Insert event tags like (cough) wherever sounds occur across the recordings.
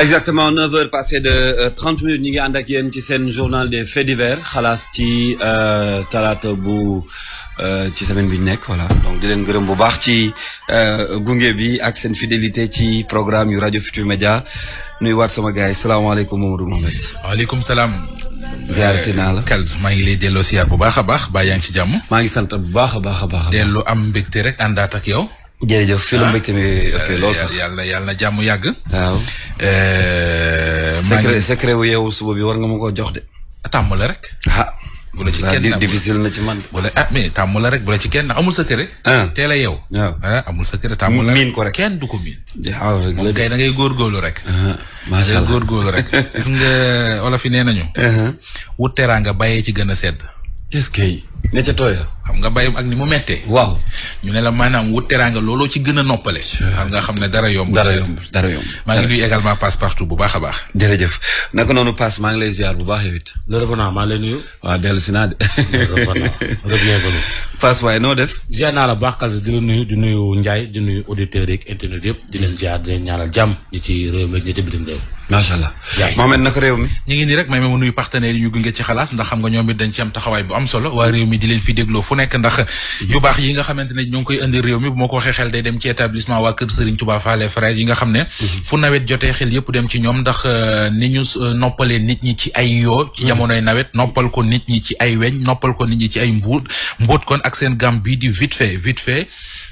exactement 9h passé de 30 euh, minutes ñu ngi ànd ak yéen ci seen journal des faits divers xalaas ci euh, talaata bu euh, ci semaine bi ñu nekk voilà donc di leen gërëm bu baax ci gunge bi ak seen fidélité ci programme yu rajo Futur Média nuy waat sama gars yi salaamaaleykum Mamadou Mohamed. waaleykum salaam. ziarati naa la Kalz maa ngi lay delloo siyaar bu baax a baax baa yaa ngi ci jàmm. maa ngi sant bu baax a baax a baax. dellu am mbégte rek àndaat ak yow. jërëjëf fii la ah. mbégte mi ëppee ah, yàlla yàlla na jàmm yàgg. waaw. Eh, secret secret wu yeewu suba bi war nga ma ko jox de. Ah, tàmm la rek. ah. bu la ci kenn difficile na ci man. bu la ah rek bu ci kenn amul secret. teel a yeew. waaw amul tàmm la miin ko rek kenn du ko miin. waaw rek moom kay rek. macha allah da (laughs) nga olof yi nee nañu. wut teraanga bàyyee ci gën a sedd. est ne ca tooya. xam nga mbéyum ak ni mu méttee. waaw ñu ne la maanaam wut teraanga looloo ci gën a noppale. xam nga xam ne dara yomb. dara yomb maa ngi nuyu également passe partout bu baax a baax. jërëjëf naka naa de. le revenant revenu. passe waaye la baax kàlla di la nuyu di nuyu Ndiaye di nuyu auditeurs yeeg internet yëpp di leen ziar di leen ñaanal jàmm ñi ci réew mi ñi ci bitim réew. macha allah Mohamed naka réew mi ñu ngi nii rek may ma nuyu partenaires yi ñu ci xalaas ndax xam nga ñoom dañ ci am taxawaay nekk ndax yu baax yi nga xamante ne ñoo ngi koy indi réew mi bu ma ko waxee xel day dem ci établissement waa kër Serigne Touba Fallé frère yi nga xam ne mmh. fu nawet jotee xel yëpp dem ci ñoom ndax euh, ni ñu euh, noppalee nit ñi ci ay yo ci mmh. jamonoy nawet noppal ko nit ñi ci ay weñ noppal ko nit ñi ci ay mbuut mbuut kon ak seen gam bi di vite fait vite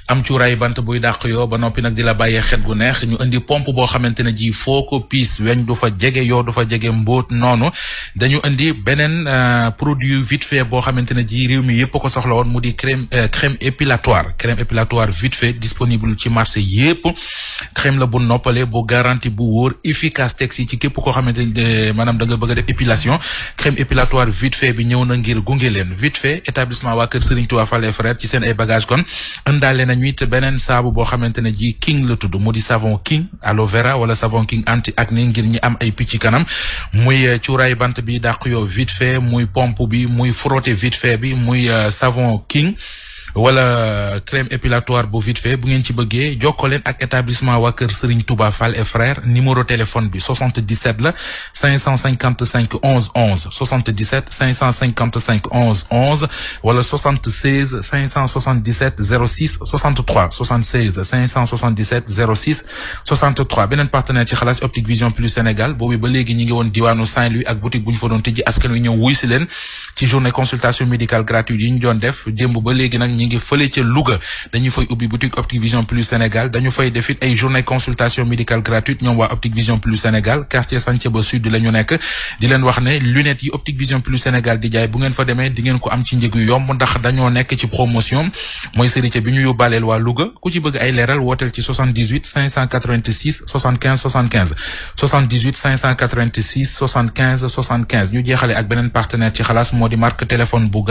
am cuuraay bant buy dàq yoo ba noppi nag di la bàyyee xet gu neex ñu indi pompe boo xamante ne ji foo ko piis weñ du fa jege yoo du fa jege mbóot noonu dañu indi beneen euh, produit vite fait boo xamante ne ji réew mi yépp ko soxla woon mu di crème euh, crème épilatoire crème épilatoire vite fait disponible ci marché yépp crème la bu noppalee bu garanti bu wóor efficace teg si ci képp koo xamante ne euh, maanaam da nga bëgg a def épilation crème épilatoire vite fait bi ñëw na ngir gunge leen vite fait établissement waa kër Serigne Touba Fallé Frère kon nañu it beneen saabu boo xamante ne ji king la tudd mu di savon king aloe vera wala savon king anti acné ngir ñi am ay picc kanam muy euh, cuuraay bant bi dàq yoo vite fait muy pompe bi muy frotté vit fait bi muy euh, savon king wala crème épilatoire bu vite fait bu ngeen ci bëggee jokkoo leen ak établissement waa kër Serigne Touba et frère numéro téléphone bi 77 la 555 11 11 77 555 11 11 wala 76 577 06 63 76 577 06 63 beneen partenaire ci xalaas Optique Vision Plus Sénégal boobu ba léegi ñi ngi woon diwaanu Saint-Louis ak boutique bu ñu doon tëjji askan wi ñëw wuy si leen ci journée consultation médicale gratuite yi ñu doon def démb ba léegi nag ngi fële ca Louga dañu fay ubbi boutique Optic Vision Plus Sénégal dañu fay defit ay journée consultation médicale gratuite ñoom waa Optic Vision Plus Sénégal quartier Santhiaba Sud la nekk di leen wax ne lunettes yi Optic Vision Plus Sénégal di jaay bu ngeen fa demee di ngeen ko am ci njëg yu yomb ndax dañoo nekk ci promotion mooy serite bi ñu yóbbaaleel waa Louga ku ci bëgg ay leeral wooteel ci 78 586 75 75 78 586 75 75 partenaire ci moo di marque téléphone bu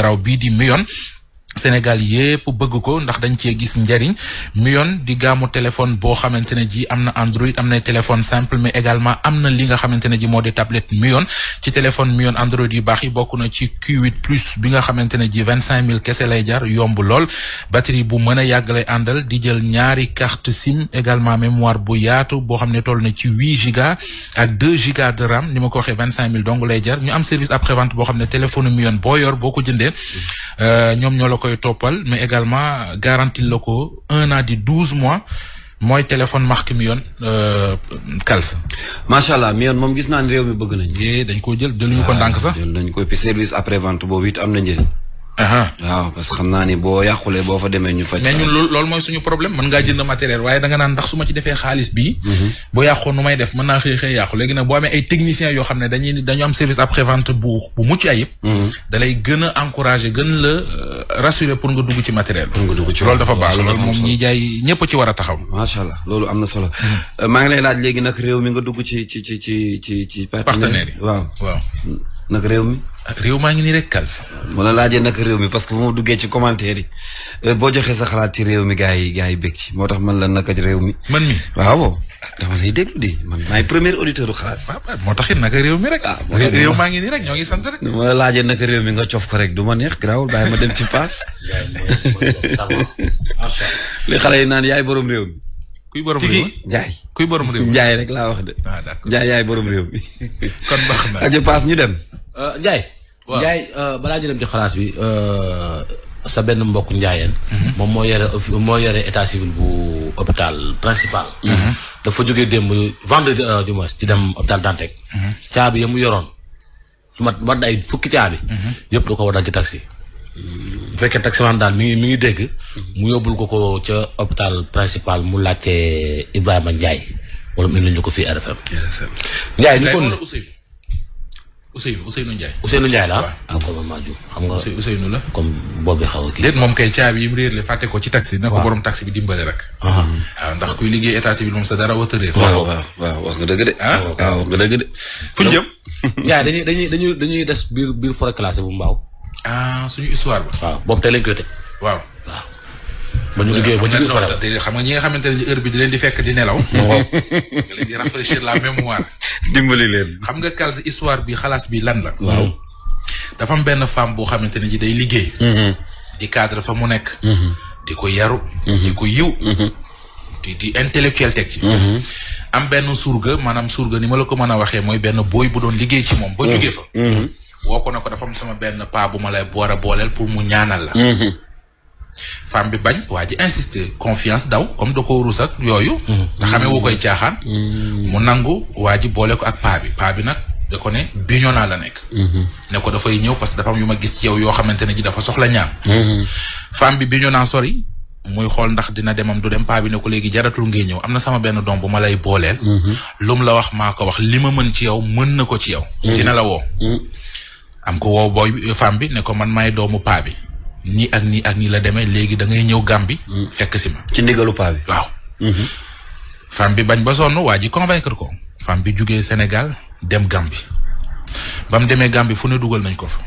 Sénégal yépp bëgg ko ndax dañ cee gis njariñ mi yoon di gaamu téléphone boo xamante ne ji am na Android am na téléphone simple mais également am na li nga xamante ne ji moo di tablette mi yoon ci téléphone mi yoon Android yu baax yi bokk na ci Q8 plus bi nga xamante ji mille kese lay jar yomb lool batterie bu mën a yàgg lay àndal di jël ñaari carte SIM également mémoire bu yaatu boo xam ne toll na ci huit giga ak deux giga de RAM ni ma ko waxee vingt cinq mille dong lay jar ñu am service après vente boo xam ne boo yor boo ko jëndee mm. euh, koy toppal mais également garantie la ko un an di douze mois mooy téléphone marque mi yoon Kals. Euh, macha allah mi yoon moom gis na ne réew mi bëgg nañ. Eh, dañ koo jël jëluñu ko ah, ndànk sax. jël nañ ko puis service après vente boobu it am na njëriñ. waaw parce que xam naa ni boo yàqulee boo fa demee ñu faj. mais ñun loolu mooy suñu problème mën ngaa jënd matériel waaye da nga naan ndax su ma ci defee xaalis bii. Mhm. bu yàqoon nu may def man naa xëy xëy yàqu léegi nag boo amee ay techniciens xam ne dañuy dañu am service après vente bu bu mucc ayib. Mhm. da gën a encourager gën la euh, rassurer pour nga dugg ci matériel. nga dugg ci loolu dafa baax moom ñi jaay ñëpp ci war a taxaw. macha allah loolu am na solo. Mhm. Euh, maa ngi lay laaj léegi nag réew mi nga dugg ci ci ci ci ci ci. partenaire yi waaw waaw nag réew mi. réew maa ngi nii rek kal moo la laajee nag réew mi parce que bu ma duggee ci commentaire yi euh, boo joxee sa xalaat ci réew mi gars yi gars yi bég ci moo tax man la naka réew mi. man mi waaw. Ah, dama lay déglu di man maay premier auditeur u xalaas. waaw moo taxit naka réew mi rek. ah réew maa ngi nii ñoo ngi sant rek. ma la laajee naka réew mi nga cof ko rek du ma neex garaawul bàyyi ma dem ci paas. (laughs) (laughs) li xale yi naan yaay borom réew mi. kuy borom réew mi Njaay rek la wax de. ah d'accord Njaay yaay borom réew bi (laughs) kon baax na aja paas ñu dem. Euh, Njaay. waaw Njaay euh, balaa ñu dem ci bi euh, sa benn mbokk njaayeen mhm. moom moo yore moo yore état civil bu hôpital principal. Mhm. dafa jógee démb vendredi du mois ci dem hôpital Dantec. Mhm. caabi ya mu yoroon lu mat war fukki caabi. yëpp da ko war a dal ci taxi. bu fekkee taximan daal mi ngi mi ngi dégg mhm. mu yóbbul ko ko ca hôpital principal mu laajte Ibrahima Ndiaye wala mu indil ñu ko fi RFM. RFM Ndiaye ñu kon Ousseynou Ousseynou Ndiaye. Ousseynou Ndiaye la ah. encore man maa xam nga Ousseynou la. comme boobu xaw a kii. déet moom kay caabi yi mu réer fàtte ko ci taxi. na ko borom taxi bi dimbale rek. waaw ah. ah, ndax kuy liggéey état civil moom sa dara wata réer. waaw waaw nga dëgg de. ah, ah waaw nga dëgg de. fu ñu jëm. Ndiaye dañuy dañuy des biir biir forêt classée bu mbaaw ah suñu histoire ba. waaw boobu tey lañ koy tëj. waaw waaw. ba ñu euh, liggéey ba ci biir faram xam nga ñi nga xamante ne heure bi di leen di fekk di nelaw. (laughs) waaw nga leen di rafraîchir la mémoire. dimbali leen. xam nga Kals histoire bi xalaas bi lan la. waaw dafa am benn femme boo xamante ne ji day liggéey. Mm-hmm. di cadre fa mu nekk. Mm-hmm. di ko yaru. Mm-hmm. di ko yiw. di di intellectuel teg ci. am benn surga maanaam surga ni ma la ko mën a waxee mooy benn booy bu doon liggéey ci moom ba jógee fa. woo ko na ko dafa sama benn paa bu ma lay boor a booleel pour mu ñaanal la. Mhm. femme bi bañ waa ji insister confiance daw comme da ko rus ak yooyu. nga mhm. xamee wu koy caaxaan. Mhm. mu nangu waa ji boole ko ak paa bi paa bi nag da ko ne biñona la nekk. ne ko dafay ñëw parce que dafa yu ma gis ci yow yoo xamante ne ji dafa soxla ñaan. femme bi biñona sori. muy xool ndax dina demam du dem paa bi ne ko léegi jaratul ngay ñëw am na sama benn doom bu ma lay booleel. lu mu la wax maa ko wax li ma mën ci yow mën na ko ci yow. la woo. am ko wow booy femme bi ne ko man maay doomu paa bi nii ak nii ak nii la demee léegi da ngay ñëw Gàmbi mm. fekk si ma. ci ndigalu paa bi waaw. Mm-hmm. femme bi bañ ba sonn waa ji convaincre ko femme bi jugee Sénégal dem Gàmbi ba mu demee Gàmbi fu ne dugal nañ ko fa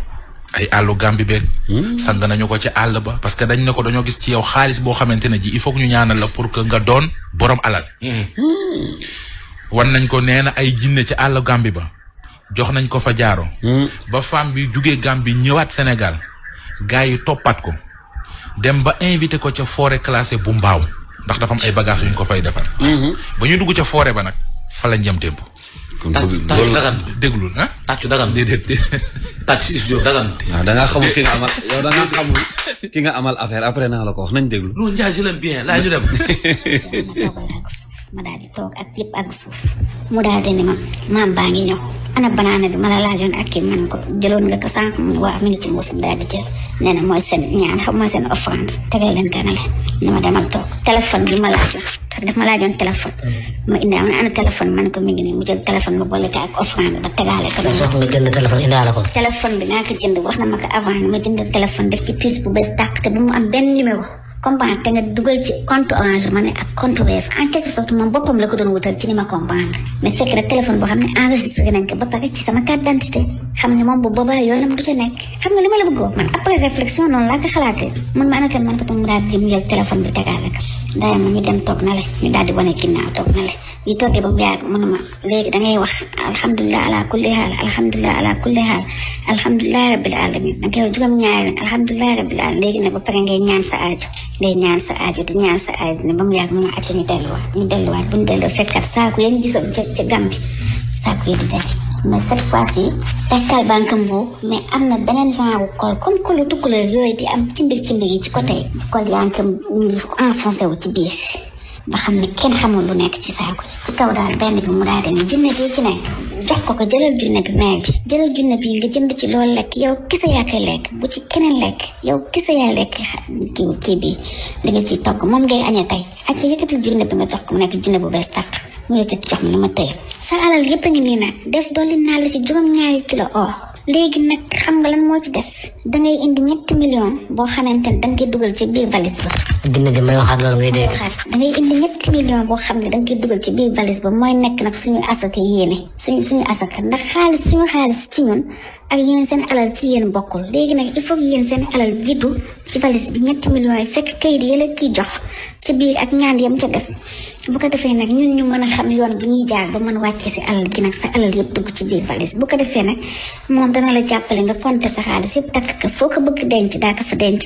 ay àllu Gàmbi beeg. Mm. sang nañu ko ca àll ba parce que dañ ne ko dañoo gis ci yow xaalis boo xamante ne ji il faut ñu ñaanal la pour que nga doon borom alal. Mm. wan nañ ko nee na ay jinne ci àll Gàmbi ba. jox nañ ko fa jaaro hmm. ba femme bi jugee Gambie ñëwaat Sénégal gars yi toppaat ko dem ba invité ko ca forêt classée bu mbaaw ndax dafa am ay bagages yu ko fay defar. Hmm. ba ñu dugg ca forêt ba nag fa lañ jëm démb. tàccu dagan déglu ah. tàccu dagan déedéet tàccu studio dagan. waaw ah, da ngaa xamul ki nga amal ki nga amal affaire après naa la ko wax nañ déglu. non Ndiaye bien laa ñu (laughs) ma daal di toog ak lépp ak suuf mu daal di ma maam baa ngi ana banaana bi ma la laajoon ak man ko jëloon nga ko sànq mu ne waaw mi ngi ci mbuus mi daal di jël nee mooy seen ñaan xam bi ma laajoon daf ma laajoon téléphone ma indaa ma ne ana téléphone man ko mi ngi nii mu jël téléphone ma boole ko ak offrande ba tegaale ko nga jënd bi naa ko jënd wax na ma ko ma jënd téléphone def ci bu bees te bu mu am benn comprendre te nga dugal ci compte orange money ak compte Wave en quelque sorte ma comprendre mais c'est que téléphone boo xam ne enregistré nañ ko ba pare ci xam ne moom bu boobaa yooyu la mu du ca nekk xam nga li ma la bëggoo man après réflexion noonu laa ko xalaatee mun ma ana tam man ko tam mu daal di jël téléphone bi tegaale ko daay ma ñu dem toog na le ñu daal di wane ginnaaw toog na le ñu toogee ba mu yàgg mu ne ma léegi da ngay wax alhamdulilah ala kulli haal alhamdulilah ala kulli haal alhamdulilah rabbil alamin da ngay juróom ñaari alhamdulilah rabbil alamin léegi nag ba pare ngay ñaan sa aaju ngay ñaan sa aaju di ñaan sa aaju ne ba mu yàgg mu ne acca ñu delluwaat ñu delluwaat bu ñu delloo fekkat saako yaa ngi gisoon ca ca Gàmbi sac yu di def mais cette fois-ci dakkal baa nga mais am na beneen genre col comme colu tukulóor yooyu di am ci mbir ci mbir yi ci côté yi col yaa ngi enfoncé ci biir ba xam ne kenn xamul lu nekk ci saako yi ci kaw daal benn bi mu daal di junne bi ci nekk jox ko ko jëlal junne bi maire bi jëlal junne bi nga jënd ci loolu lekk yow kese yaa koy lekk bu ci keneen lekk yow kese yaa lekk kii kii bi li nga ciy togg moom ngay añee tey ak yëkkatil junne bi nga jox ko mu nekk junne bu bees tàq mu yëkkati jox ma ni ma tey sa alal yëpp a ngi nii nag def dolli naa la ci juróom-ñaari kilo or léegi nag xam nga lan moo ci des dangay boo xamante ne danga dugal ci biir valise ba. dina boo xam ne danga koy dugal ci biir nekk nag suñu asaka yéene suñu suñu asaka ndax xaalis suñu ci ñun ak seen alal léegi nag il faut yéen seen jiitu ci valise bi ñetti millions yi fekk kayit yële kii jox. ci biir ak ñaan yam ca def bu ko defee nag ñun ñu mën a xam yoon bu ñuy jaar ba mën wàccee si alal gi nag sa alal yëpp dugg ci biir valise bu ko defee nag moom dana la jàppale nga compter sa xaalis yëpp takk ko ko bëgg denc daa ko fa denc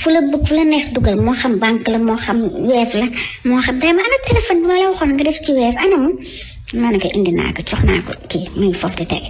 fu la bëgg fu la neex dugal moo xam banque la moo xam weef la moo xam dama ana téléphone bi ma la waxoon nga def ci weef ana mu man nga indi naa ko jox naa ko kii mu ngi foofu teg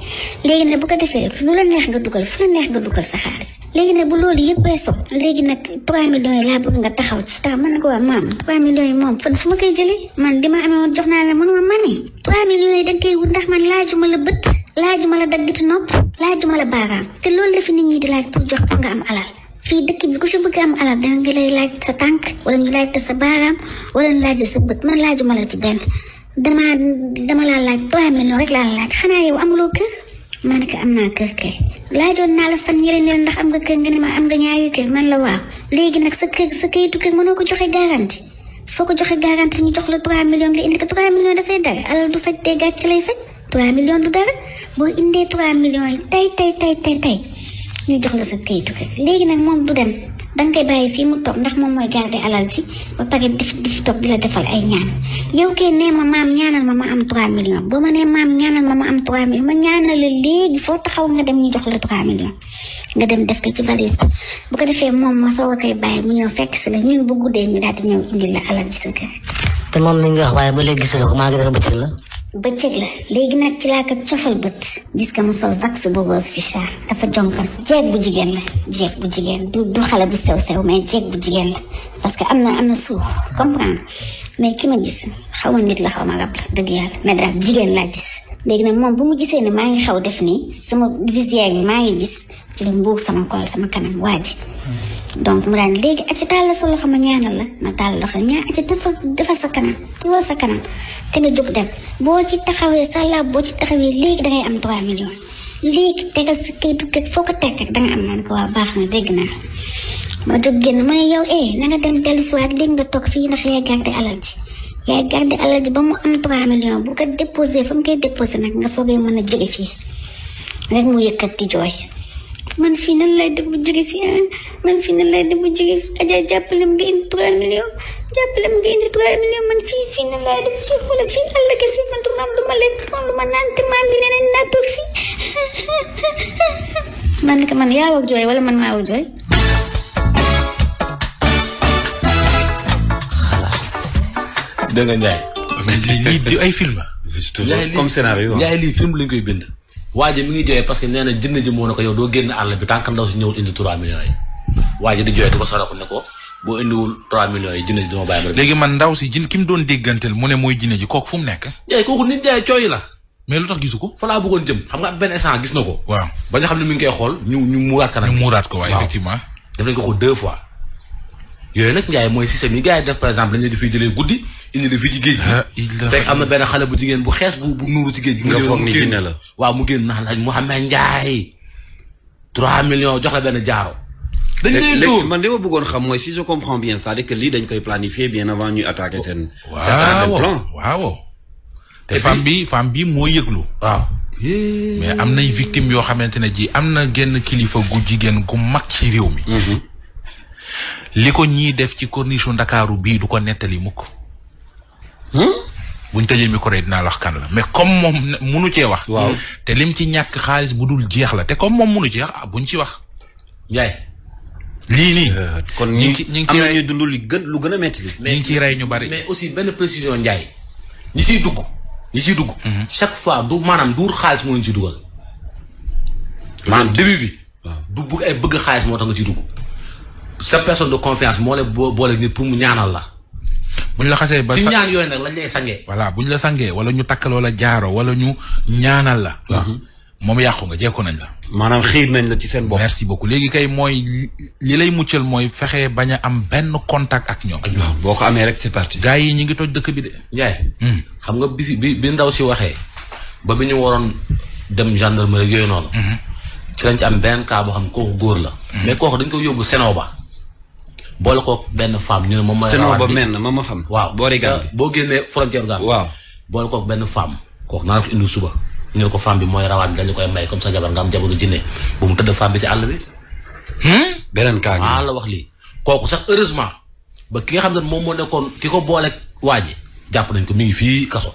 léegi nag bu ko defee lu la neex nga dugal fu la neex nga dugal sa xaalis léegi nag bu loolu yëpp weesoo léegi na 3 millions yi laa nga taxaw ci tax man na ko waa maam 3 millions yi moom fan fu ma koy jëlee man di ma amee woon jox naa la mënuma mane 3 millions yi da nga koy wut ndax man laajuma la bët laajuma la daggiti nopp laajuma la baaraam te loolu la fi nit ñi laaj pour jox pour nga am alal fii dëkk bi ku fi bëgg am alal dana laaj sa tànk wala ñu laaj sa baaraam wala ñu laaj sa bët man laajuma la ci benn dama dama laa laaj 3 millions rek laa laaj ma ne ko am naa kër kay laaj doon naa la fan yële ne ndax am nga kër nga ne ma am nga ñaari kër man la waaw léegi nag sa kër sa këyitu kër mënoo ko joxe garanti foo ko joxe garanti ñu jox la 3 millions nga indi ko 3 millions dafay dara alal du faj dee gàcce lay faj 3 millions du dara boo indee 3 millions yi tey tey tey tey tey ñu jox la sa këyitu kër léegi nag moom du dem. danga koy bàyyi fii mu toog ndax moom mooy garder alal ji ba pare def def toog di la defal ay ñaan yow kay nee ma maam ñaanal ma ma am 3 millions ba ma nee maam ñaanal ma ma am 3 millions ma ñaanal la léegi foo taxaw nga dem ñu jox la 3 millions nga dem def ko ci valise bu ko defee moom ma soo koy bàyyi mu ñëw fekk si la ñun bu guddee ñu daal di ñëw indil la alal ji sa kër. te moom mi ngi wax waaye ba léegi gisuloo ko maa ngi def bëccëg la. bëccëg la léegi nag ci laa ko cofal bët gis ko mu sol vax bu boos ficha dafa jonkan jeeg bu jigéen la jeeg bu jigéen du xale bu sew sew mais jeeg bu jigéen la parce que am na am na suuf comprendre mais ki ma gis xaw nit la xaw ma rab la dëgg yàlla mais daal jigéen laa gis léegi nag moom bu mu gisee ne maa ngi xaw def nii sama visière bi maa ngi gis ci la mbuug sama kool sama kanam waa ji hmm. donc mu daan léegi acci tàll sa loxo ma ñaanal la ma tàll loxo ñaan acci dafa defal sa kanam tuwal sa kanam te nga jóg dem boo ci taxawee sàlla boo ci taxawee léegi da am 3 millions léegi tegal nga na ma jóg génn ma ne yow si waat léegi fii ndax yaa garde alal ji yaa garde alal ji ba mu am 3 millions bu ko déposé fa mu koy déposé nag nga soogee mën a jóge fii rek mu yëkkati jooy man fii nan lay def bu jóge fii ah? man fii nan lay def bu jóge fii Adja jàppalem nga indi 3 millions jàppalem nga indi 3 millions man fii fii nan lay def fii xoolal fii àll kese man du lu ma lekk lu ma naan te maa ngi leneen naa toog fii (laughs) man ka man yaa wax jooy wala man maa wax jooy. (laughs) bind. waa ji mi ngi jooyee parce que nee na jënd ji moo ne ko yow doo génn àll bi tànk ndaw si ñëwul ko saraxu ne ko boo indiwul 3 millions yi jënd ji dama bàyyi léegi man ndaw si jën ki mu doon dégganteel mu ne mooy jënd ji kooku fu mu nekk. jaay kooku nit jaay cooy la. mais lu tax gisu ko fa laa bëggoon jëm xam nga benn instant gis na ko. waaw ba ñu xam ne mu ngi koy xool ñu ñu muuraat kanam. ñu muuraat ko waaw effectivement def nañ ko ko deux fois yooyu nag Ndiaye mooy système yi gars yi def par exemple dañu la jëlee guddi indi la fii ci géej gi ah, am na benn xale bu jigéen bu xees bu bu nuuru ci géej gi. nga foog ni jinne la waaw mu génn naan laaj Mouhamed Ndiaye 3 millions jox la benn jaaro. dañ lay man li ma bëggoon xam mooy si je comprends bien cest à lii dañ koy planifier bien avant ñuy attaquer seen. waaw seen bi femme bi moo yëglu. waaw. mais am nay victimes yoo xamante ne ji am na genn kilifa gu jigéen gu mag ci réew mi. Mm-hmm. li ko ñii def ci corniche ndakaaru bii du ko nettali mukk hmm? buñ tëjee micro yi dinaa la wax kan mais comme moom munu cee wax. waaw te lim ci ñàkk xaalis bu dul jeex la te comme moom munu jeex ah buñ ci wax. Ndiaye. lii nii. Euh, kon ñu ngi ñu ngi ciy rey dund lu lu gën a métti. mais ngi ciy rey ñu bari. aussi benn précision Ndiaye. ñi ciy dugg ñi ciy dugg. Mhm. chaque fois du maanaam duur xaalis moo leen ci dugal. maanaam début bi. du bëgg ay bëgg xaalis moo tax nga ciy dugg. sa personne de confiance moo la boo boole nit pour mu ñaanal la. buñ la xasee ba ci ñaan yooyu nag lañ lay sangee. voilà buñ la sangee wala ñu takk loola jaaro wala ñu ñaanal la. Mm-hmm. moom yàqu nga jekku nañ la. maanaam xiir nañ la ci seen bopp. merci beaucoup léegi kay mooy li lay muccal mooy fexe bañ a am benn contact ak ñoom. waaw boo ko amee rek c'est parti. gars yi ñu ngi toj dëkk bi de. Ndiaye. Hmm. xam nga bi bi bi ndaw si waxee ba bi ñu waroon dem gendarmerie yooyu noonu. Hmm. ci lañ ci am benn cas boo xam ne góor la. Hmm. mais kooku dañ ko yóbbu Sénégal ba. boole kook benn femme ñu ne moom mooy. rawat bi ba ma waaw boo génnee frontière Gambie. waaw boole kook benn femme. kooku naa indi suba ne ko femme bi mooy rawat bi dañu koy may comme ça jabar nga am jabaru jinne bu mu tëdd femme bi ci àll bi. Hmm? beneen kaa maa la wax lii kooku sax heureusement ba ki nga xam ne moom moo nekkoon ki ko boole waa ji jàpp nañ ko mi ngi fii kaso.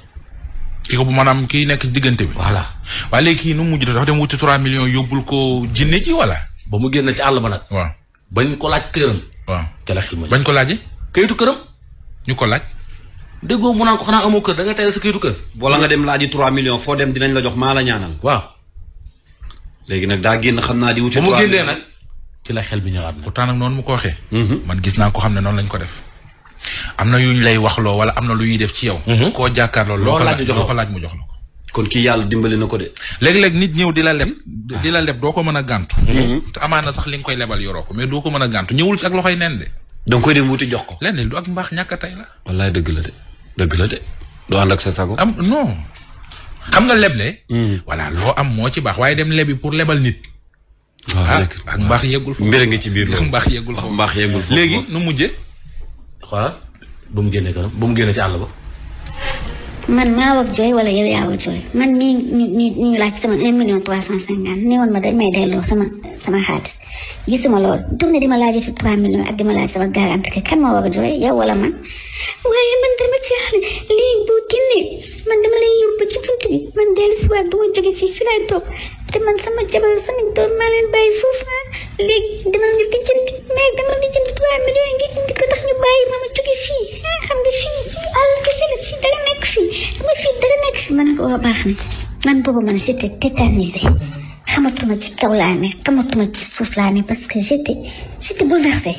ki ko bu maanaam kii nekk diggante bi. voilà waaye léegi kii nu mu mujj dafa dem wuti 3 millions yóbbul ko jinne ji wala. ba mu génn ci àll ba nag. waaw bañ ko laaj këram waaw ma bañ ko laajee. kayitu këram. ñu ko laaj. déggoo mu naan ko xanaa amoo kër da nga tayal sa kayitu kër. wala nga dem laaji 3 millions foo dem dinañ la jox maa la ñaanal. waaw. léegi nag daa génn xam naa di wuti. 3 millions ci la xel bi ñëwaat na. pourtant nag noonu mu ko waxee. Mhm. man gis naa ko xam ne noonu lañ ko def. am na yuñ lay waxloo wala am na lu ñuy def ci yow. Mhm. koo jàkkaarloo loo ko laaj mu jox la kon kii yàlla dimbali na ko de. léeg-léeg nit ñëw di la leb. Hmm? di la leb doo ko mën a gàntu. Hmm? amaana sax li koy lebal yoroo ko mais doo ko mën a gàntu ñëwul ci ak loxoy neen de. danga koy dem wuti jox ko. lenn du ak mbaax ñàkk a tey la. wallaay dëgg la de ak sa sago. am non xam nga leble. Hmm. voilà loo am moo ci baax waaye dem lebi pour lebal nit. waaw ah, ak mbaax yeggul foofu mbir nga ci biir loolu (laughs) mbaax yeggul foofu mbaax yeggul foofu léegi nu mujjee. voilà ba mu génnee kanam ba mu génnee ci àll ba man maa wax jooy wala yow yaa wax jooy man mii ñu ñu ñu laaj sama un million trois cent cinquante ne woon ma dañ may delloo sama sama xaalis gisuma loolu tourné di ma laaj si trois millions ak di ma laaj sama garanti que kan moo war a jooy yow wala man waaye man dama ci xale lii boo génnee man dama lay yóbbu ci buntu bi man dellu si waat bu ma jógee fii laay toog te man sama jabar sama doom maa leen bàyyi foofu ah léegi demal nga lijjanti mais demal lijjanti trois millions nga indi ko tax ñu bàyyi ma ma jóge fii ah xam nga fii àll kese la fii dara nekk fii xam nga fii dara nekk fii ma ne ko waa baax na man boobu man j'étais tétanisée xamatuma ci kaw laa ne xamatuma ci suuf laa ne parce que j'étais j'étais bouleversée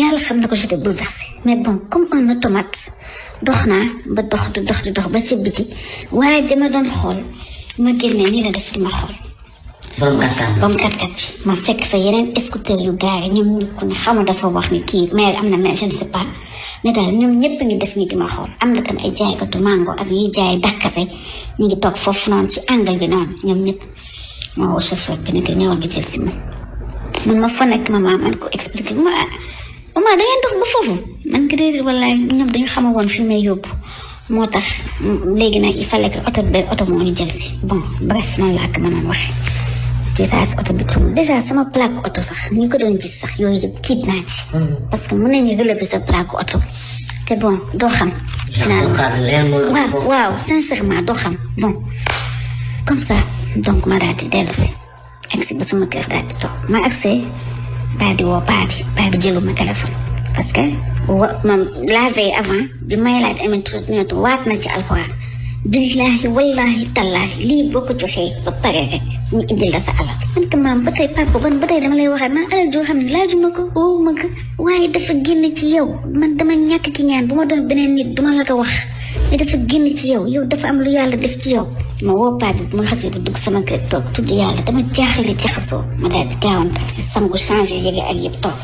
yàlla xam na ko j'étais bouleversée mais bon comme un automate dox naa ba dox di dox di dox ba ci biti waaye jama doon xool ma génne nii la def di ma xool borom kàttan bi borom kàttan bi ma fekk fa yeneen scooter yu gaare ñoom ñëpp ku dafa wax ni kii mais am na mais je ne sais ñoom ni na tam ay jaaykatu mango ak yiy jaay dàkk rek ñu ngi toog foofu noonu ci angle ñoom ñëpp ma woo chauffeur bi ne ko ñëwal nekk ma man ko expliqué ma ma da ngeen dañu xama woon fi may yóbbu moo tax léegi nag il fallait que oto benn oto moo ñu jël bon bref noonu la ak mënoon waxe virage oto bi tëm déjà sama plaque oto sax ñu ko doon gis sax yooyu yëpp tiit naa ci. Hmm. parce que mën nañu relever sa plaque oto te bon doo xam. waaw waaw sincèrement doo xam bon comme ça donc ma daal di dellu si agsi ba sama kër daal di toog ma agsee daal di woo paa bi paa bi jëlu ma téléphone parce que wa moom la veille avant bi may laaj amin tuuti waat na ci alxuraan billahi wallahi tallahi lii boo ko joxee ba pare rek ñu indil la sa alal man ko ba tey papa ban ba tey dama lay waxaat man alal joo xam ne laajuma ko woowu ma ko waaye dafa génn ci yow man dama ñàkk ki ñaan bu ma doon beneen nit duma la wax mais dafa génn ci yow yow dafa am lu yàlla def ci yow ma woo paa bi bu ma xasee ba dugg sama kër toog tudd yàlla dama jaaxle jaxasoo ma daal di gaawante si changé yëge ak yëpp toog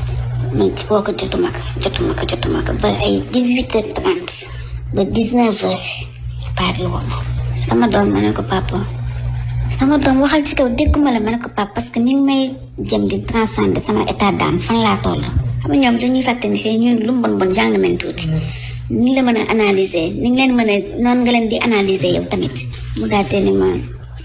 man ko jotuma ko jotuma ko ba ay dix huit heures trente ba dix neuf heures paa bi woo ma sama doom ne ko papa sama doom waxal ci kaw dégguma ne ko pap parce que ni ngi may jëm di transcender sama état d'âme fan laa toll xam nga ñoom dañuy fàtte ni fii ñun lu mu bon bon jàng la mën a analyser ni ngi leen mën a noonu nga leen di analyser yow tamit mu daatee ni ma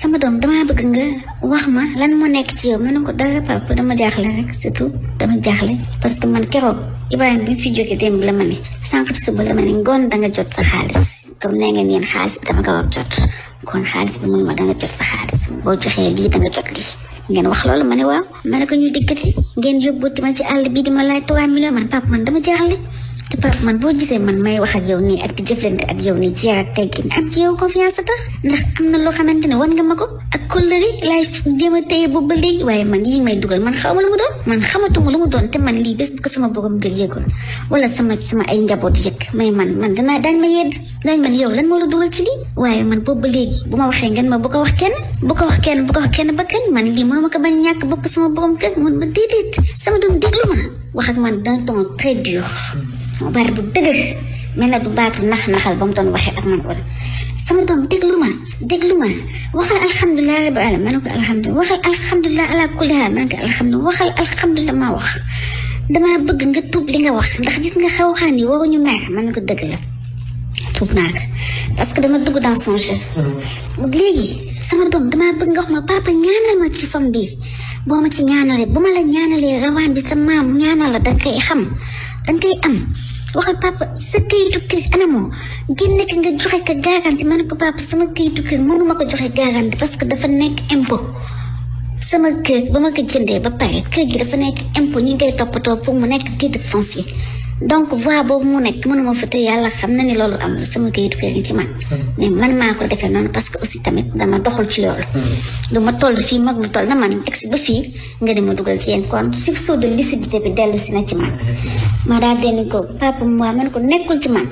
sama doom damaa bëgg nga wax ma lan moo nekk ci yow ma ne ko dara papa dama jaaxle rek surtout dama jaaxle parce que man keroog Ibrahima bi mu fi jógee démb la ma ne sànq suba la ma ne ngoon da jot sa xaalis comme nee ngeen yéen xaalis bi dama ko war jot kon xaalis bi mun ma da nga xaalis boo joxee lii da nga jot lii ngeen wax loolu ma ne waaw ma ne ko ñu dikkati ngeen yóbbuti ma ci àll bi di ma laaj trois millions man papa man dama jaaxle te Pape man boo gisee man may wax ak yow nii ak di ak yow nii ci ak teggin am ci yow confiance tax ndax am na loo xamante ne wan nga ma ko ak kóllëre laay jéem a téye boobu ba léegi waaye man yi may dugal man xaw ma lu mu doon man xamatuma lu mu doon te man lii bés bu ko sama borom gër yëgoon wala sama sama ay njaboot yëg mais man man danaa daañ ma yedd daañ man yow lan moo la dugal ci lii waaye man boobu ba léegi bu ma waxee ngeen ma bu ko wax kenn bu ko wax kenn bu ko wax kenn ba kañ man lii mënuma ko bañ ñàkk bokk sama borom kër mun ma déedéet sama doom déglu ma wax ak man d'un yoo sama baar bu dëgër mel na du baatu nax naxal ba mu doon waxee ak man wala sama doom déglu ma déglu ma waxal alhamdulilah rabbil alamin ma ne ko ma wax damaa bëgg nga tuub li nga wax ndax gis nga xawxaan yi waruñu mer ma ne ko dëgg la tuub naa ko dama dugg dans son jeu mm-hmm. léegi sama damaa bëgg nga wax ma papa ñaanal ma ci boo ma ci ñaanalee bu ma la ñaanalee rawaan bi sa maam ñaanal la da koy danga koy am waxal papa sa kayitu kër anamoo génne ko nga joxe ko garanti ma ne ko papa sama kayitu kër mënuma ko joxe garanti parce que dafa nekk impo sama kër ba ma ko jëndee ba pare kër gi dafa nekk impôt ñu ngi koy toppatoo pour mu nekk titre foncier donc voie boobu mu nekk mënuma fa te yàlla xam na ni loolu am sama kayitu kër yi ci man. Hmm. mais man maa ko defee noonu parce que aussi tamit dama doxul ci loolu. Hmm. du ma toll fii mag mu toll na man teg si ba fii nga di ma dugal ci yéen compte sursaut de lucidité bi dellu si na ci man. ma daal di ko papa mu waa man ko nekkul ci man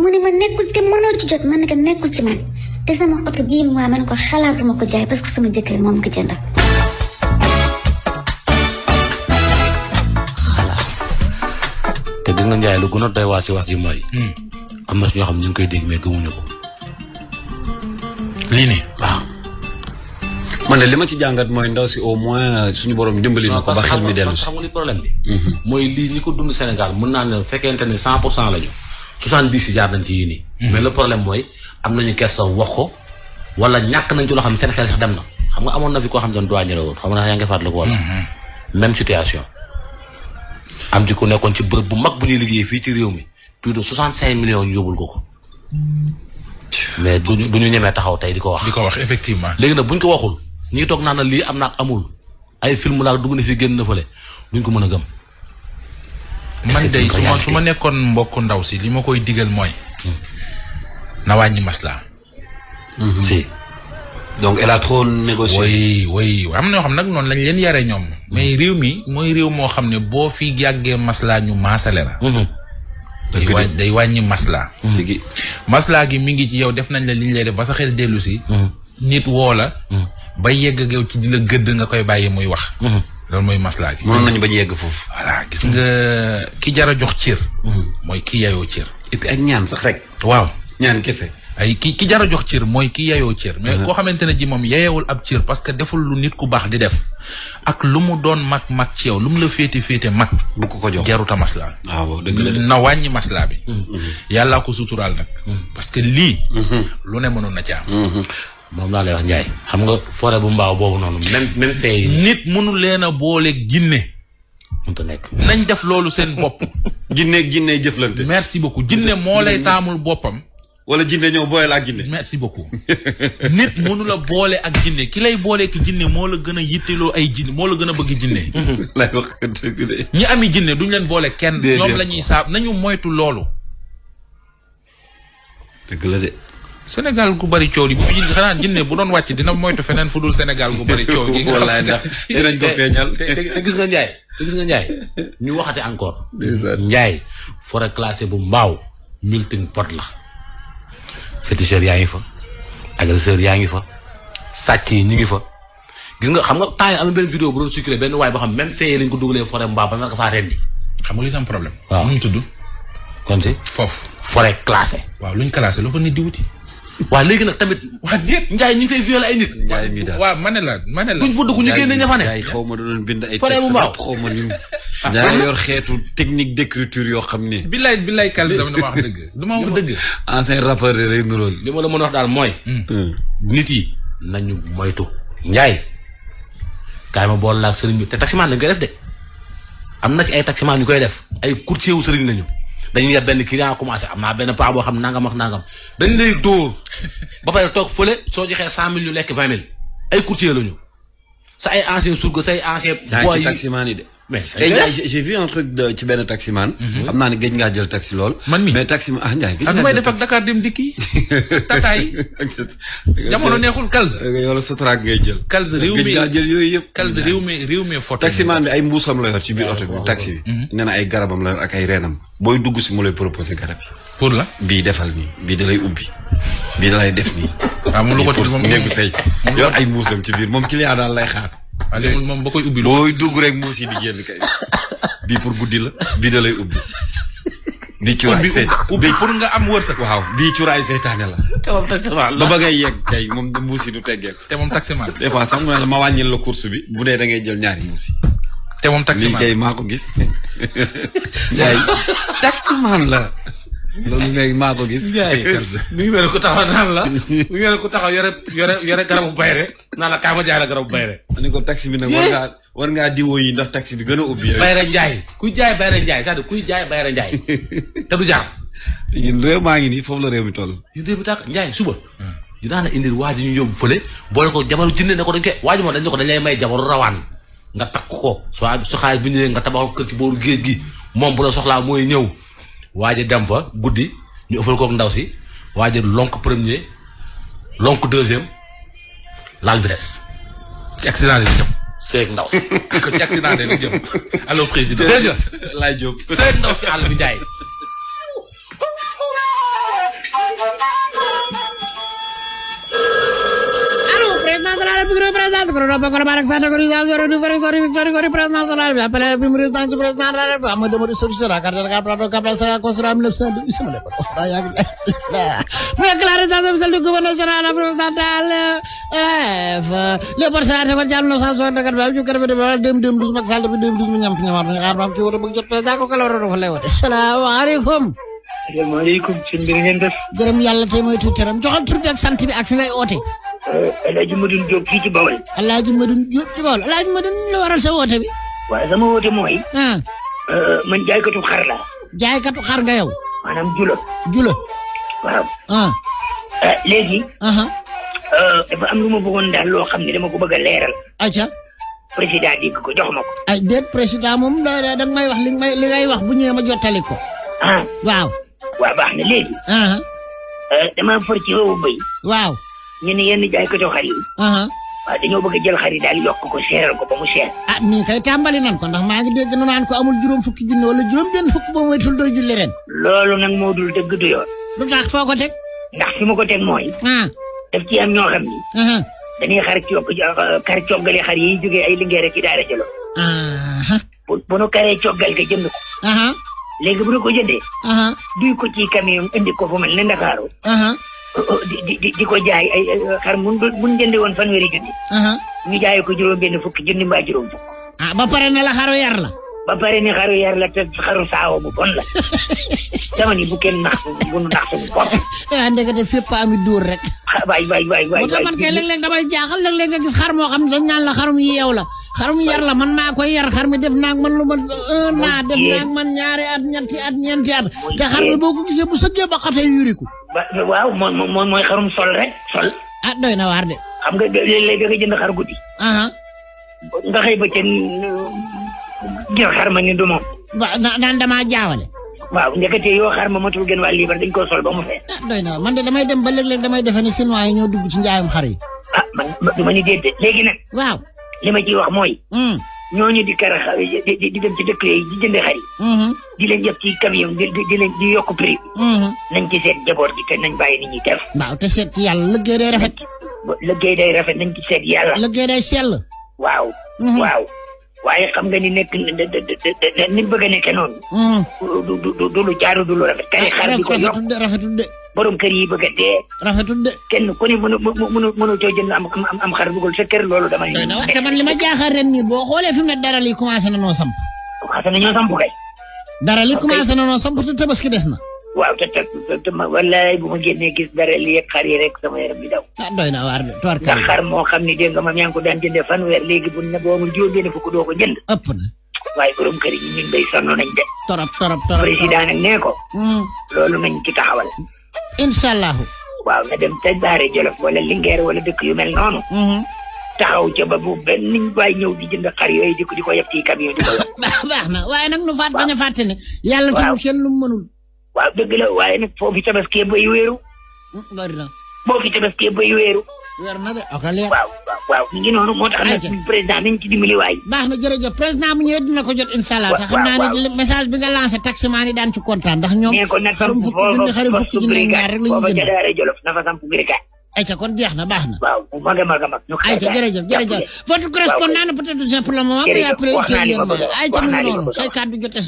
mu ne ma nekkul te mënoo ci jot man ne ko nekkul ci man te sama oto bii mu waa man ko xalaatuma ko jaay parce que sama jëkkër moom ko jëndal. gis nga Ndiaye lu gën a doy waa si wax ji mooy. Hmm. am na si ñoo xam ne ñu ngi koy dégg mais gëmuñu ko. lii nii waaw. man de li ma ci jàngat mooy ndaw si au moins suñu borom dimbali na ko ba xel mi dellu si. xam nga li bi. Mhm. mooy lii ñi ko dund Sénégal mën naa ne fekkente ne cent pour cent la ñu. soixante dix jaar nañ ci yii nii. Mhm. mais le problème mooy am nañu kersa wax ko wala ñàkk nañ ci loo xam seen xel sax dem na xam nga amoon na fi koo xam ne doyen la woon xam nga yaa ngi fàttaliku wala. Mhm. même situation. am ji ku nekkoon ci bërëb bu mag bu ñuy liggéey fii ci réew mi plus de 65 millions ñu yóbbul ko ko. mais du ñu du ñemee taxaw tey di ko wax. di ko wax effectivement. léegi nag buñ ko waxul ñi toog naa na lii am na amul ay film laa dugg na fi génn na fële duñ ko mën a gëm. man de su ma su ma nekkoon mbokk ndaw si li ma koy digal mooy. Hmm. na wàññi maslaa. si. donc elle a trop négocié. oui oui am na ñoo xam nag noonu lañ leen yare ñoom. mais hmm. réew mi mooy réew moo xam ne boo fi yàggee maslaa ñu maasale la. Hmm. day wàññi maslaa. Hmm. maslaa gi mi ngi ci yow def nañ la liñ lay def ba sa xel dellu si. nit woo la. ba yegg ak yow ci di la gëdd nga koy bàyyi muy wax. loolu mooy maslaa gi. moom nañu bañ yegg foofu. voilà gis nga ki jar a jox cër. mooy ki yayoo cër. it ak ñaan sax rek. waaw ñaan kese. ay ki ki jar a jox ciir mooy ki yayoo cër. mais uh-huh. koo xamante ne ji moom yayewul ab cër parce que deful lu nit ku baax di def ak lu mu doon mag mag ci yow lu mu la féete féete mag. bu ko ko jox jaruta maslaa. Ah, waaw dëgg la na wàññi maslaa bi. Mm-hmm. yàllaa ko suturaal nag. Mm-hmm. parce que lii. Mm-hmm. lu ne mënoon na ci moom naa lay wax Ndiaye xam nga forêt bu mbaaw boobu noonu même même fee nit mënu leen a booleeg jinne mënut a nekk nañ def loolu seen bopp. (laughs) jinne jinne jëflante. merci beaucoup jinne moo lay taamul boppam. wala jinne ñëw boole la ak jinne merci beaucoup (laughs) nit mënu la boole ak jinne ki lay boolee ki jinne moo la gën a yittiloo ay jinne moo la gën a bëgg jinne (laughs) lay wax dëgg de ñi ami jinne duñ leen boole kenn ñoom la ñuy saab nañu moytu loolu dëgg la de Sénégal gu bari cool yi bu fi xanaa jinne bu doon wàcc dina moytu feneen fu dul Sénégal gu bari coow gi wallaay ndax dinañ ko feeñal te te gis nga Njaay te gis nga Njaay ñu waxate encore Njaay forêt classée bu mbaaw melting pot la féticheur yaa ngi fa agresseur yaa ngi fa sàcc yi ñu ngi fa gis nga xam nga temps yi am na benn vidéo bu doon circulé benn waay boo xam même fee lañ ko dugalee forêt mbaa ba naka faa rendi xam nga li sam problème waaw nu mu kon si foofu forêt classée waaw luñ classé loo fa nit di wuti waaw léegi nag tamit. waa déet Ndiaye ñu ngi fay violé ay nit. Ndiaye mi daal waaw ma ne la ma dugg ñu génne ña fa ne. Ndiaye xaw ma doon bind ay. pare bu xeetu technique d'écriture yoo xam ne. bilay bilay kàll dama wax dëgg. (laughs) du ma wax dëgg. ancien rappeur de lay li ma la mën a wax daal mooy. Hmm. Hmm. nit yi nañu moytu. Ndiaye kaay ma boole la ak bi te taximaan lañ koy def de am na ci ay taximaan ñu koy def ay courtier wu sëriñ lañu dañuy yeb benn client commencé am naa benn paa boo xam nangam ak nangam dañ lay dóor ba pare toog fële soo joxee cent mille ñu lekk vingt mille ay courtier lañu sa ay ancien surga say ancien boy yi mais tey Ndiaye ci benn taximan. Mhm. xam naa ne géej ngaa jël taxi lool. man mi mais taxi ah Ndiaye géej ah, ngaa jël taxi dem dikki (laughs) tataay. jamono neexul Kalza. yow la Sotrac ngay jël. Kalza réew mi géej jël yooyu yëpp. réew mi réew mi photo. bi ay mbuusam la yor ci biir oto bi taxi bi. nee ay garabam la yor ak ay reenam. booy dugg si mu lay proposé garab yi. pour la bii defal nii bii dalay ubbi bii dalay def nii. waaw mu lu ko tudd moom néegu sëy yor ay mbuusam ci biir moom client daal lay xaar allez ah, moom boo koy ubbi. booy dugg rek muus yi di génn kay (laughs) bii pour guddi la bii da lay ubbi. di curaay seet ubbi pour nga am wërsëg. waaw di curaay seytaane la. (laughs) te moom la ba ba ngay yegg kay moom muus yi du teggeeku. te moom taximaan des fois sax mu ne la ma wàññil la course bi bu dee da jël ñaari muus te moom taximaan lii kay ko gis. (laughs) taximaan la. loolu léegi maa ko gis. mi (laughs) ngi ku ko taxaw naan la mi (laughs) ngi mel ko taxaw yore yore yore garabu bayre naan la kaay ma jaay la garabu bayre. ko taxi bi nag war ngaa war ngaa diwoo yi ndax bi gën a ubbi. bayre njaay kuy jaay bayre njaay c'est-à-dire kuy jaay bayre njaay (laughs) te du jaar. ñun réew ngi nii foofu la réew mi toll. ñun réew mi tàkk njaay suba. Hmm. dinaa la indi waa ji ñu yóbbu fële boole ko jabaru jënd ne ko dañ waa ji dañ ne ko dañ lay may jabaru rawaan nga takk ko. soo su xaay bu ñëwee nga tabaxal kër géej gi moom bu la soxlaa mooy ñëw waaj a dem fa guddi ñu ëffal kook ndaw si waaj a lonk premier lonk deuxième laal vitesse ci accident yi jëm seeg ndaw si (laughs) ko ci accident yi jëm allo président laay jóg seeg ndaw si àll bi jaay présidence de la République présidence kuréel ba Colobane ak Sane cotisation yore du fële sori victoire kori présidence de la République appelé le premier président du président de la République Amadou Amadou Sow Sera carte de carte plateau Cap Sera consulat 1902 sama lépp daa yàgg mu nekk la résidence officielle du gouverneur national afro-occidental le porcelain dafa jàll 1964 ba am ñu keroog dafa 2012 Macky Sall depuis 2012 mu ñam fi ñamaat ñu xaar ba am ci wala bëgg jot président ko kala war a doon fa lay wote salaamaaleykum salaamaaleykum sëñ bi ngeen def gërëm yàlla tey mooy tuuti teram joxal tur bi ak sant bi ak fi ngay oote El eh, Hadj Madoune Diop fii ci Bawol. El Hadj Madoune Diop waral sa woote bi. waaw sama woote mooy. Ah. Eh, man jaaykatu xar la jaaykatu xar nga yow. maanaam jula. jula. waaw. ah. Eh, léegi. dafa am lu ma daal loo xam ne dama ko bëgg a leeral. acca. président dégg ko jox ma ay ah, déet président moom da nga may wax li may li ngay wax bu ñëwee ma jottali ko. ah waaw. waaw baax na léegi. damaa for ci woowu béy. waaw. ñu ne yenn jaaykatu xar yi. waaw dañoo bëgg jël xar yi daal yokk ko seeral ko ba mu seer. ah nii kay tàmbali ko ndax maa ngi dégg nu naan ko amul juróom fukki wala juróom benn fukk ba moytul doo julli ren. loolu nag moo dul dëgg du yoon. lu tax foo ko teg. ndax fi ma ko teg mooy. Ah. daf ci am ñoo xam ni. dañuy xar euh, coog xar coogale xar yi jógee ay lingeer ci daara jëlo. bu bu nu karee coogal ga jënd ko. léegi bu nu ko jëndee. duy ko ci camion indi ko fu mel ne Ndakaaru. di di di ko jaay ay xar mun mun jënde woon fanweeri junni. ñu jaayee ko juróom-benn fukki junni mbaa juróom fukk. ah ba pare ne la xaru yar la. ba pare ne xaru yar la te xaru saawo bu bon la (laughs) dama ni bu kenn nax bu nu nax suñu bopp. (laughs) ah ndekete fépp a am i dóor rek. waay waay waay waay waay man kay léeg-léeg damay jaaxal léeg-léeg nga gis xar moo xam ne dañ naan la xarum yeew la. xarum yar la man maa koy yar xar mi def naa man lu ma un an def naa man ñaari at ñetti at ñeenti at. te xar mi boo ko gisee bu sëggee ba xatee yuriku waaw moom mooy xarum sol rek sol. ah doy na waar de. xam nga léeg-léeg da nga jënd xar guddi. nga xëy ba ca mm, jël xar ma ni du moom. waaw naan damaa jaawale. waaw njëkkatee yoo xar ma matul gën waa liibar dañ koo sol ba mu fee. ah doy na man de damay dem ba léeg-léeg damay defe ne chinois ñoo dugg ci njaayam xar ah man du ma ñu léegi nag. waaw li ma ciy wax mooy. Hmm. ñooñu di kar xa di dem ci dëkk yooyu di jënd xar mm-hmm. di leen yëpp ci camion di di di yokk prix bi. Mm-hmm. nañ ci seet jaboot gi te nañ bàyyi nit ñi def. waaw te seet ci yàlla liggéey day rafet. liggéey day rafet nañ ci seet yàlla. liggéey day sell. waaw. Mm-hmm. waaw waaye xam nga ni nekk nit bëgg nekke nekkee du du du lu jaaru du lu rafet. kay xar bi ko yokk borom kër yi bëgg a dee. rafetul de. kenn ku ne mënu mënu mënu coo jënd am am am xar dugal sa kër loolu dama. doy na wax man ma jaaxal ren nii boo xoolee fi mu ne dara li commencé na noo samp. commencé na ñoo samp kay. dara li commencé na noo samp te tabaski des na. waaw ma wallaay bu ma génnee gis dara li yegg yi rek sama yaram bi daw. ah doy na waar toor ka xar moo xam ne dégg nga maam yaa ko daan jëndee fanweer léegi bu ne boo amul juróom-benn fukk doo ko jënd. ëpp na. waaye borom kër yi ñun bay sonn nañ de. torop torop torop président nag nee ko. Hmm. loolu nañ ki taxawal. incha allahu waaw na dem te Daara Jolof wala Linguère wala dëkk yu mel noonu. Mm-hmm. taxaw ca bu benn nit waay ñëw di jënd xar yooyu di ko di ko yeb ci camion di ko yor. (laughs) baax baax na waaye nag nu faat bañ a fàtte ne. yàlla tamit kenn lu mu mënul. waaw dëgg la waaye fi tabaskee bay wéeru. Mm, bari na. boo fi tabaskee bay wéeru. weer na de ok leer. waaw waaw ñu ngi noonu moo tax nag président nañ ci dimbali waay. baax na jërëjëf président bu ñëwee dina ko jot incha allah. bi nga lancé taximaan yi daan ci kontaan ndax ñoom. xarum fukki junni xarum fukki junni ñaar rek la ñuy jënd ayca kon jeex na baax na. waaw a a mag. pour le moment. jërëjëf wax naa li ma bëgg a wax wax naa a